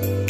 you.